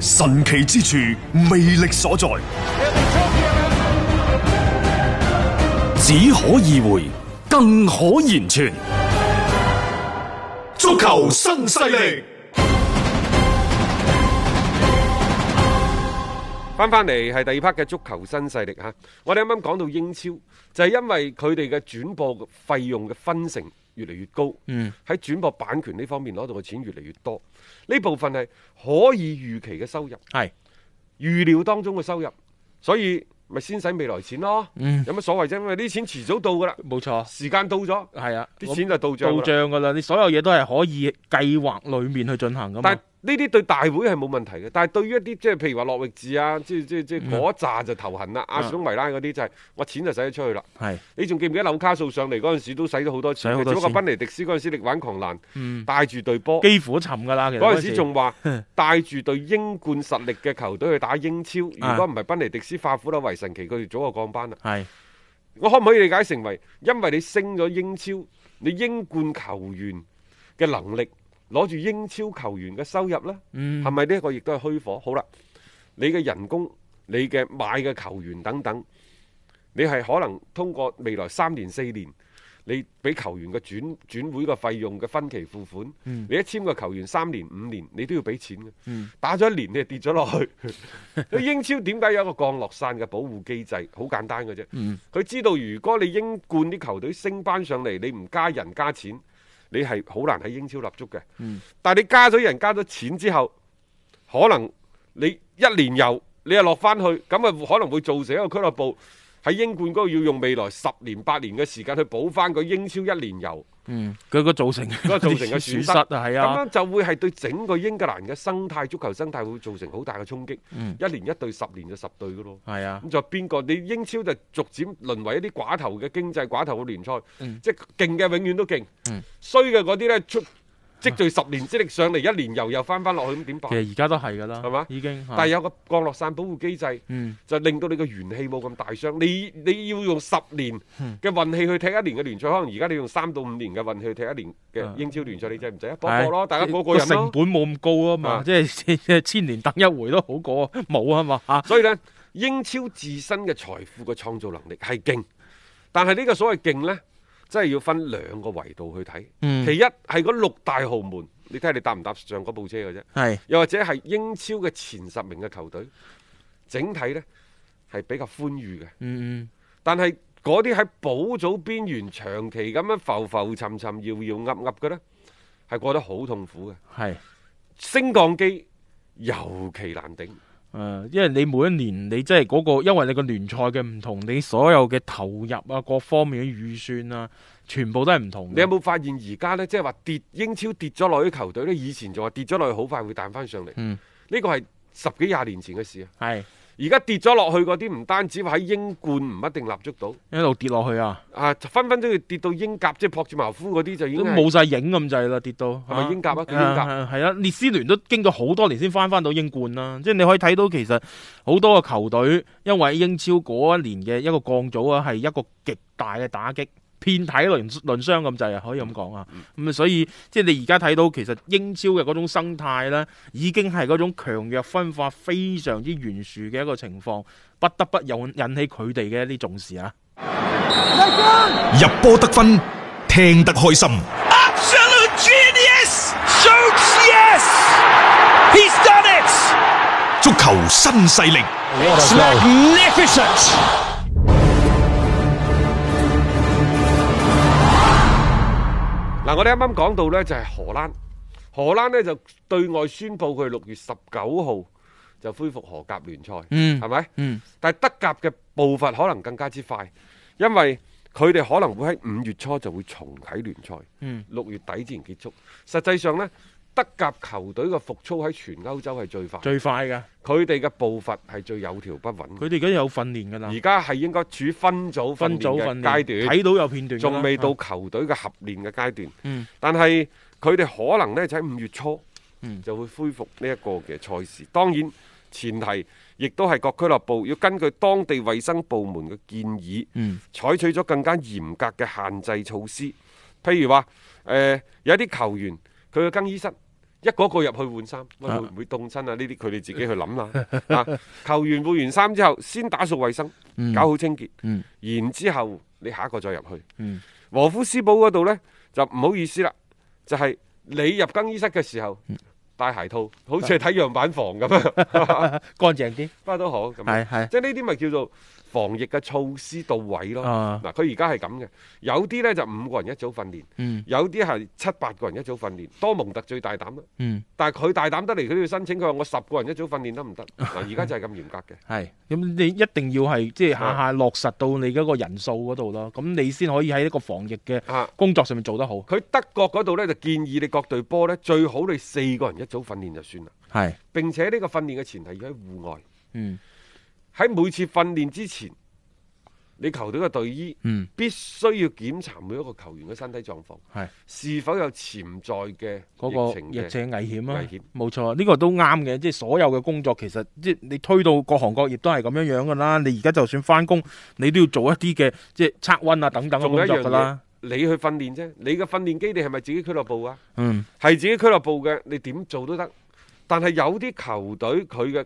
神奇之處，魅力所在，只可意會，更可言傳。足球新勢力，翻翻嚟係第二 part 嘅足球新勢力吓，我哋啱啱講到英超，就係、是、因為佢哋嘅轉播費用嘅分成。越嚟越高，喺轉播版權呢方面攞到嘅錢越嚟越多，呢部分係可以預期嘅收入，係預料當中嘅收入，所以，咪先使未來錢咯，嗯、有乜所謂啫？因為啲錢遲早到噶啦，冇錯。時間到咗，係啊，啲錢就到賬，到賬噶啦。你所有嘢都係可以計劃裡面去進行噶嘛。但係呢啲對大會係冇問題嘅，但係對於一啲即係譬如話諾域治啊，即係嗰一揸就頭痕啦、嗯。阿士東維拉嗰啲就係、是啊、我錢就使咗出去啦。你仲記唔記得紐卡素上嚟嗰陣時都使咗好多錢，只不過賓尼迪斯嗰陣時力挽狂瀾、嗯，帶住隊波幾乎都沉噶啦。嗰陣時仲話帶住對英冠實力嘅球隊去打英超，呵呵，如果唔係賓尼迪斯化腐朽神奇佢哋早就降班啦，係，我可唔可以理解成為，因為你升咗英超，你英冠球員嘅能力，攞住英超球員嘅收入呢？係咪呢一個亦都係虛火？好啦，你嘅人工，你嘅買嘅球員等等，你係可能通過未來三年四年。你俾球員嘅轉轉會嘅費用嘅分期付款，嗯、你一簽個球員三年五年你都要俾錢嘅、嗯。打咗一年你就跌咗落去。 英超點解有一個降落傘嘅保護機制？好簡單嘅啫。佢、嗯、知道如果你英冠啲球隊升班上嚟，你唔加人加錢，你係好難喺英超立足嘅、嗯。但你加咗人加咗錢之後，可能你一年又你又落翻去，咁啊可能會造成一個俱樂部。喺英冠嗰度要用未來十年八年嘅時間去補翻個英超一年遊，嗯，佢個造成，佢個造成嘅損失啊，係啊，咁樣就會係對整個英格蘭嘅生態足球生態會造成好大嘅衝擊，嗯，一年一隊，十年就十隊嘅咯，係啊，咁就邊個？你英超就逐漸淪為一啲寡頭嘅經濟寡頭嘅聯賽，嗯，即係勁嘅永遠都勁，嗯，衰嘅嗰啲咧出。積聚十年之力上嚟，一年又又翻翻落去，咁點辦？其實而家都係噶啦，係嘛？已經。但係有個降落傘保護機制，就令到你個元氣冇咁大傷。你你要用十年嘅運氣去踢一年嘅聯賽，可能而家你用三到五年嘅運氣去踢一年嘅英超聯賽，你制唔制啊？不過咯，大家個個成本冇咁高啊嘛，即係即係千年得一回都好過冇啊嘛吓。所以咧，英超自身嘅財富嘅創造能力係勁，但係呢個所謂勁咧，真係要分兩個維度去睇，嗯，其一係嗰六大豪門，你睇下你搭唔搭上嗰部車嘅啫，又或者係英超嘅前十名嘅球隊，整體呢係比較寬裕嘅。嗯嗯，但係嗰啲喺保組邊緣長期咁樣浮浮沉沉、搖搖噏噏嘅呢，係過得好痛苦嘅。係升降機尤其難頂。誒、嗯，因為你每一年你即係嗰個，因為你個聯賽嘅唔同，你所有嘅投入啊，各方面嘅預算啊，全部都係唔同。你有冇發現而家呢？即係話跌英超跌咗落去啲球隊呢，以前就話跌咗落去好快會彈翻上嚟。嗯，呢、呢個係十幾廿年前嘅事啊。係。而家跌咗落去嗰啲，唔單止喺英冠唔一定立足到，一路跌落去啊！啊，分分鐘要跌到英甲，即係撲住茅夫嗰啲就已經冇晒影咁滯啦！跌到係咪、啊、英甲，英甲啊？英甲係啊。列斯聯都經過好多年先翻翻到英冠啦。即係你可以睇到其實好多個球隊，因為英超嗰一年嘅一個降組啊，係一個極大嘅打擊。遍體鱗鱗傷咁滯啊，可以咁講啊。咁啊，所以即係你而家睇到，其實英超嘅嗰種生態呢，已經係嗰種強弱分化非常之懸殊嘅一個情況，不得不有引起佢哋嘅一啲重視啊。入波得分，聽得開心。Yes. He's done it. 足球新勢力。嗱，我哋啱啱講到呢，就係荷蘭，荷蘭呢就對外宣佈佢六月十九號就恢復荷甲聯賽，係咪？但係德甲嘅步伐可能更加之快，因為佢哋可能會喺五月初就會重啟聯賽，六月底之前結束。實際上呢。德甲球隊嘅復操喺全歐洲係最快的，最快嘅，佢哋嘅步伐係最有條不紊。佢哋而家有訓練噶啦。而家係應該處於分組分組階段，睇到有片段，仲未到球隊嘅合練嘅階段。但係佢哋可能咧，喺五月初，嗯，就，就會恢復呢一個嘅賽事，嗯。當然前提亦都係各俱樂部要根據當地衛生部門嘅建議，採、嗯、取咗更加嚴格嘅限制措施。譬如話誒、呃、有啲球員佢嘅更衣室。他的一個個入去換衫，喂，會唔會凍親啊？呢啲佢哋自己去諗啦。 啊，球員換完衫之後，先打掃衛生，搞好清潔，嗯，然之後你下一個再入去，嗯。和夫斯堡嗰度呢，就唔好意思啦，就係、是、你入更衣室嘅時候。嗯戴鞋套，好似睇樣板房咁樣， 乾淨啲，不過都好。係係，是是即係呢啲咪叫做防疫嘅措施到位咯。嗱，佢而家係咁嘅，有啲咧就五個人一組訓練，嗯、有啲係七八個人一組訓練。多蒙特最大膽啦，嗯、但係佢大膽得嚟，佢都要申請。佢話我十個人一組訓練得唔得？嗱，而家就係咁嚴格嘅。係，咁你一定要係即係下下落實到你嗰個人數嗰度咯。咁你先可以喺一個防疫嘅工作上面做得好。佢德國嗰度咧就建議你各隊波咧最好你四個人一。早訓練就算啦，係，並且呢個訓練嘅前提要喺戶外。嗯，喺每次訓練之前，你球隊嘅隊醫嗯必須要檢查每一個球員嘅身體狀況，係是，是否有潛在嘅嗰個疫情危險、那個、啊？危險，冇錯，呢、這個都啱嘅。即、就、係、是、所有嘅工作，其實即係你推到各行各業都係咁樣樣噶啦。你而家就算返工，你都要做一啲嘅即係測溫啊等等咁樣一樣啦。你去訓練啫，你嘅訓練基地係咪自己俱樂部啊？嗯，係自己俱樂部嘅，你點做都得。但係有啲球隊佢嘅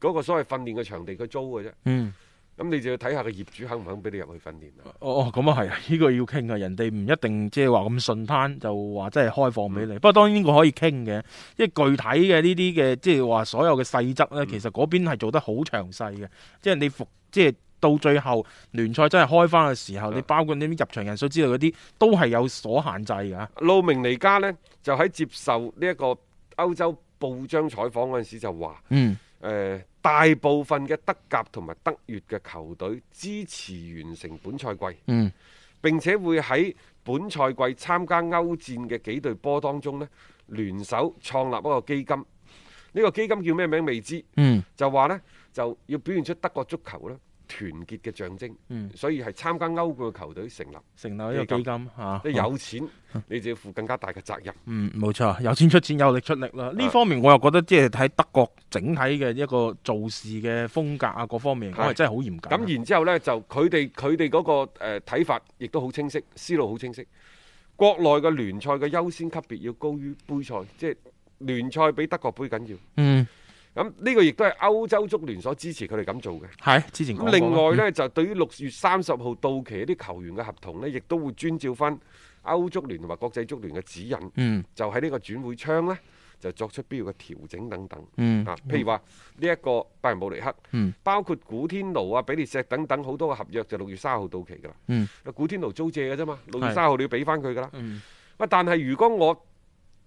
嗰個所謂訓練嘅場地，佢租嘅啫。嗯，咁你就要睇下個業主肯唔肯俾你入去訓練。哦哦，咁啊係啊，呢個要傾啊，人哋唔一定即係話咁順攤，就話真係開放俾你。嗯。不過當然呢個可以傾嘅，即係具體嘅呢啲嘅，即係話所有嘅細則咧，其實嗰邊係做得好詳細嘅，即係你服即係。即係到最後聯賽真係開翻嘅時候，你包括呢啲入場人數之類嗰啲，都係有所限制嘅。路明尼加呢就喺接受呢一個歐洲報章採訪嗰陣時就話，嗯，誒、呃，大部分嘅德甲同埋德乙嘅球隊支持完成本賽季，嗯，並且會喺本賽季參加歐戰嘅幾隊波當中咧聯手創立一個基金，呢、這個基金叫咩名未知，嗯，就話呢就要表現出德國足球啦。團結嘅象徵，嗯、所以係參加歐冠嘅球隊成立，成立一個基金嚇，即係、啊、有錢、啊，你就要負更加大嘅責任。嗯，冇錯，有錢出錢，有力出力啦。呢、啊、方面我又覺得即係喺德國整體嘅一個做事嘅風格啊，各方面我係真係好嚴格。咁然之後呢，就佢哋佢哋嗰個呃、睇法，亦都好清晰，思路好清晰。國內嘅聯賽嘅優先級別要高於杯賽，即、就、係、是、聯賽比德國杯緊要。嗯。咁、這、呢個亦都係歐洲足聯所支持佢哋咁做嘅。係，之前講過。另外呢，嗯、就對於六月三十號到期一啲球員嘅合同呢，亦都會遵照翻歐足聯同埋國際足聯嘅指引，嗯、就喺呢個轉會窗呢，就作出必要嘅調整等等。嗯。啊，譬如話呢一個拜仁慕尼黑，包括古天奴啊、比利石等等好多嘅合約，就六月三號到期㗎。嗯。古天奴租借㗎啫嘛，六月三號你要俾翻佢㗎啦。但係如果我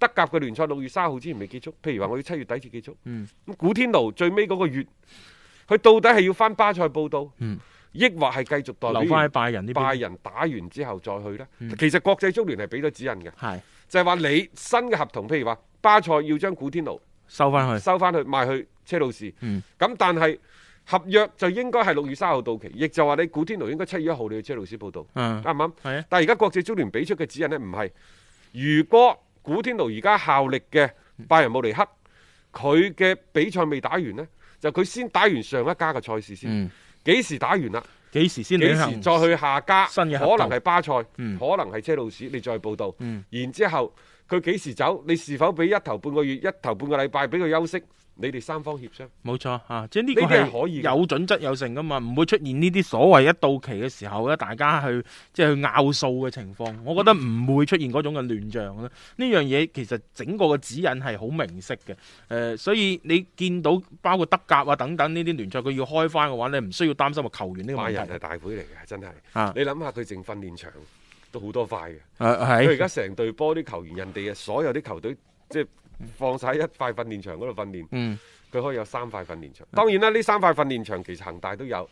德甲嘅聯賽六月三號之前未結束，譬如話我要七月底至結束。嗯，咁古天奴最尾嗰個月，佢到底係要翻巴塞報道，嗯，抑或係繼續留翻喺拜仁呢？拜仁打完之後再去咧，嗯。其實國際足聯係俾咗指引嘅，係就係、是、話你新嘅合同，譬如話巴塞要將古天奴收翻去，收翻去賣去車路士。嗯，咁但係合約就應該係六月三號到期，亦就話你古天奴應該七月一號你去車路士報道。啱唔啱？係啊。但係而家國際足聯俾出嘅指引呢，唔係如果。古天奴而家效力嘅拜仁慕尼克，佢嘅比賽未打完呢，就佢先打完上一家嘅賽事先。幾時打完啦？幾時先？幾時再去下家？可能係巴塞，可能係車路士，你再報道。然之後佢幾時走？你是否俾一頭半個月，一頭半個禮拜俾佢休息？你哋三方協商，冇錯啊！即係呢個係可以有準則有成噶嘛，唔會出現呢啲所謂一到期嘅時候咧，大家去即係去拗數嘅情況。我覺得唔會出現嗰種嘅亂象咯。呢、嗯、樣嘢其實整個嘅指引係好明晰嘅。誒、呃，所以你見到包括德甲啊等等呢啲聯賽，佢要開翻嘅話，你唔需要擔心個球員呢個人係大會嚟嘅，真係、啊。你諗下佢剩訓練場都好多塊嘅。佢而家成隊波啲球員，人哋啊所有啲球隊即係。放晒一塊訓練場嗰度訓練，嗯，佢可以有三塊訓練場、嗯。當然啦，呢三塊訓練場其實恆大都有，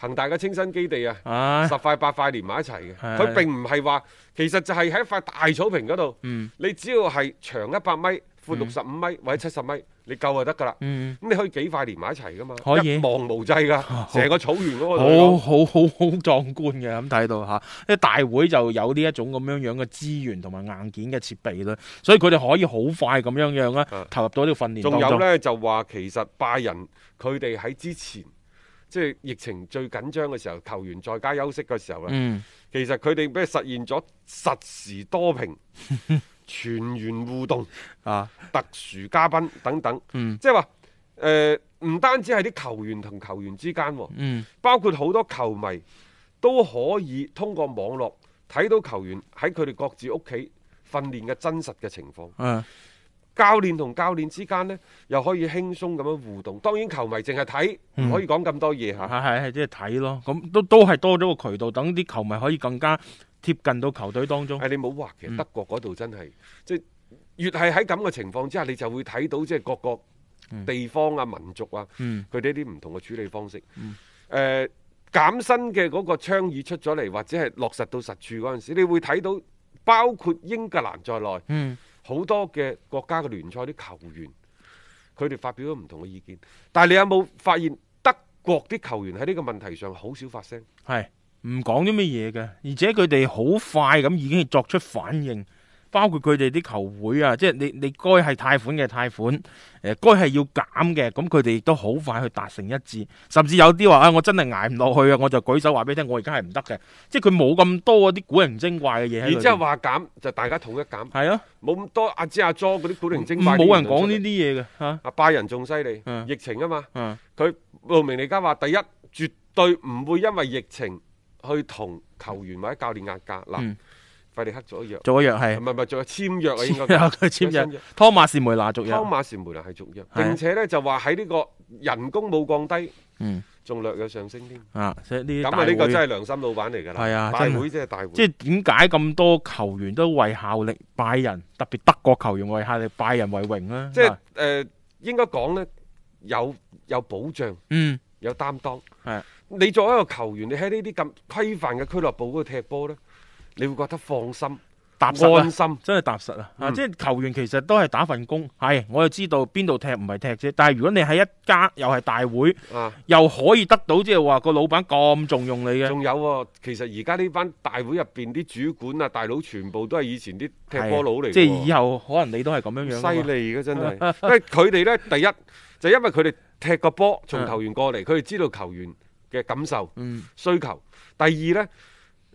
恆大嘅清新基地啊，啊十塊八塊連埋一齊嘅，佢、啊、並唔係話，其實就係喺一塊大草坪嗰度、嗯，你只要係長一百米。六十五米，或者七十米，你夠就得噶啦。嗯，咁你可以幾塊連埋一齊噶嘛？可以一望無際噶，成、啊、個草原嗰個度。好好好好壯觀嘅，咁睇到吓。啲大會就有呢一種咁樣樣嘅資源同埋硬件嘅設備啦，所以佢哋可以好快咁樣樣啦，投入到個訓練、啊、呢個訓練。仲有咧，就話其實拜仁佢哋喺之前，即、就、係、是、疫情最緊張嘅時候，球員在家休息嘅時候咧，嗯，其實佢哋俾實現咗實時多屏。 全員互動啊，特殊嘉賓等等，嗯、即係話誒，唔單止係啲球員同球員之間，嗯，包括好多球迷都可以通過網絡睇到球員喺佢哋各自屋企訓練嘅真實嘅情況。嗯，教練同教練之間呢，又可以輕鬆咁樣互動。當然，球迷淨係睇，唔可以講咁多嘢吓。係係係，即係睇咯。咁都都係多咗個渠道，等啲球迷可以更加。貼近到球隊當中，係、啊、你冇話，其實德國嗰度真係、嗯，即係越係喺咁嘅情況之下，你就會睇到即係各個地方啊、民族啊，佢哋一啲唔同嘅處理方式。誒、嗯呃、減薪嘅嗰個倡議出咗嚟，或者係落實到實處嗰陣時，你會睇到包括英格蘭在內，好、嗯、多嘅國家嘅聯賽啲球員，佢哋發表咗唔同嘅意見。但係你有冇發現德國啲球員喺呢個問題上好少發聲？係。唔講啲咩嘢嘅，而且佢哋好快咁已經係作出反應，包括佢哋啲球會啊，即係你你該係貸款嘅貸款，誒該係要減嘅，咁佢哋亦都好快去達成一致，甚至有啲話啊，我真係捱唔落去啊，我就舉手話俾你聽，我而家係唔得嘅，即係佢冇咁多啲古人精怪嘅嘢。然之後話減就大家統一減，係啊，冇咁多阿支阿左嗰啲古靈精怪人沒人。冇、啊啊、人講呢啲嘢嘅吓，阿拜仁仲犀利，疫情啊嘛，佢、啊、路明利家話第一，絕對唔會因為疫情去同球員或者教練壓價，嗱費力克做咗約，做咗約係，唔係唔係，仲有簽約啊，應該簽約。湯馬士梅拿續約，湯馬士梅拿係續約，並且咧就話喺呢個人工冇降低，嗯，仲略有上升添。啊，咁啊呢個真係良心老闆嚟㗎啦，係啊，拜仁即係大會。即係點解咁多球員都為效力拜仁，特別德國球員為效力拜仁為榮啊？即係誒，應該講咧有有保障，嗯，有擔當係。你作為一個球員，你喺呢啲咁規範嘅俱樂部度踢波呢，你會覺得放心、踏實、安心，真係踏實、嗯、啊！即係球員其實都係打份工，係、嗯、我又知道邊度踢唔係踢啫。但係如果你喺一家又係大會，啊、又可以得到即係話個老闆咁重用你嘅，仲有、啊，其實而家呢班大會入邊啲主管啊大佬，全部都係以前啲踢波佬嚟，即係以後可能你都係咁樣樣，犀利嘅真係，佢 哋呢，第一就因為佢哋踢個波，從球員過嚟，佢哋、啊、知道球員。嘅感受、需求。嗯、第二呢，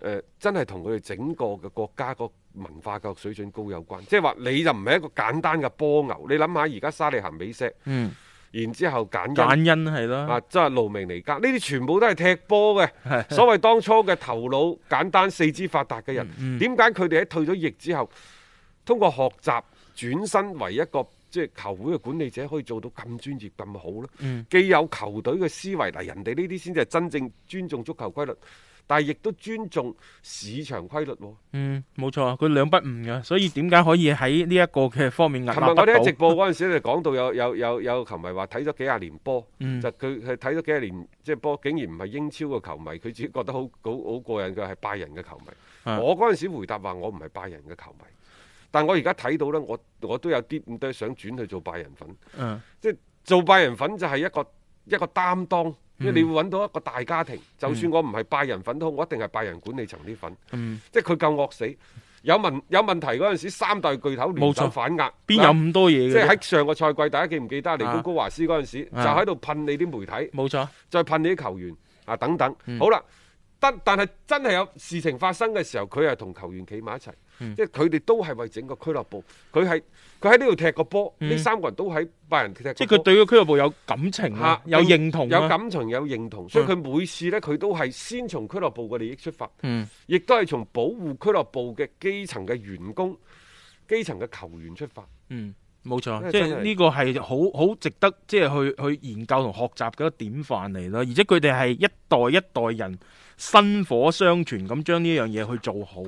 呃、真係同佢哋整個嘅國家個文化教育水準高有關。即係話，你就唔係一個簡單嘅波牛。你諗下，而家沙利行、比、嗯、色，然之後簡恩，簡恩係咯，啊，即係魯明尼加，呢啲全部都係踢波嘅。所謂當初嘅頭腦簡單、四肢發達嘅人，點解佢哋喺退咗役之後，通過學習轉身為一個即、就、係、是、球會嘅管理者可以做到咁專業咁好咯，既有球隊嘅思維，嗱，人哋呢啲先至係真正尊重足球規律，但係亦都尊重市場規律喎。嗯，冇錯，佢兩不誤㗎，所以點解可以喺呢一個嘅方面壓蠟？琴日我喺直播嗰陣時，就講到有有有有球迷話睇咗幾廿年波，嗯，就佢係睇咗幾廿年即係波，就是、竟然唔係英超嘅球迷，佢自己覺得好好好過癮，佢係拜仁嘅球迷。的我嗰陣時候回答話，我唔係拜仁嘅球迷。但我而家睇到咧，我我都有啲唔多想轉去做拜仁粉、嗯，即做拜仁粉就係一個一個擔當，即、嗯、係你會揾到一個大家庭。就算我唔係拜仁粉都好，我一定係拜仁管理層啲粉，嗯、即係佢夠惡死。有問有問題嗰陣時，三大巨頭聯手反壓，邊有咁多嘢？即係喺上個賽季，大家記唔記得尼高高華斯嗰陣時、啊，就喺度噴你啲媒體，冇錯，再噴你啲球員啊等等。嗯、好啦。但但係真係有事情發生嘅時候，佢係同球員企埋一齊，即係佢哋都係為整個俱樂部。佢係佢喺呢度踢個波，呢、嗯、三個人都喺拜仁踢。即係佢對個俱樂部有感情、啊啊，有認同、啊，有感情有認同，所以佢每次呢，佢都係先從俱樂部嘅利益出發，亦都係從保護俱樂部嘅基層嘅員工、基層嘅球員出發。嗯，冇錯，即係呢個係好好值得即係去去研究同學習嘅一個典範嚟咯。而且佢哋係一代一代人。薪火相傳咁將呢樣嘢去做好，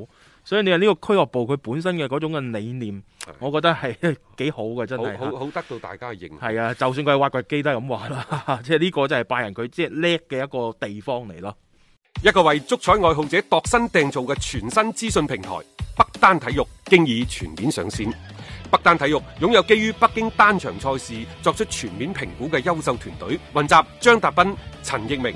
所以你話呢個俱樂部佢本身嘅嗰種嘅理念，我覺得係幾好嘅，真係好好得到大家嘅認。係啊，就算佢係挖掘機都係咁話啦，即係呢個就係拜仁佢即係叻嘅一個地方嚟咯。一個為足彩愛好者度身訂造嘅全新資訊平台北單體育，經已全面上線。北單體育擁有基於北京單場賽事作出全面評估嘅優秀團隊，雲集張達斌、陳奕明。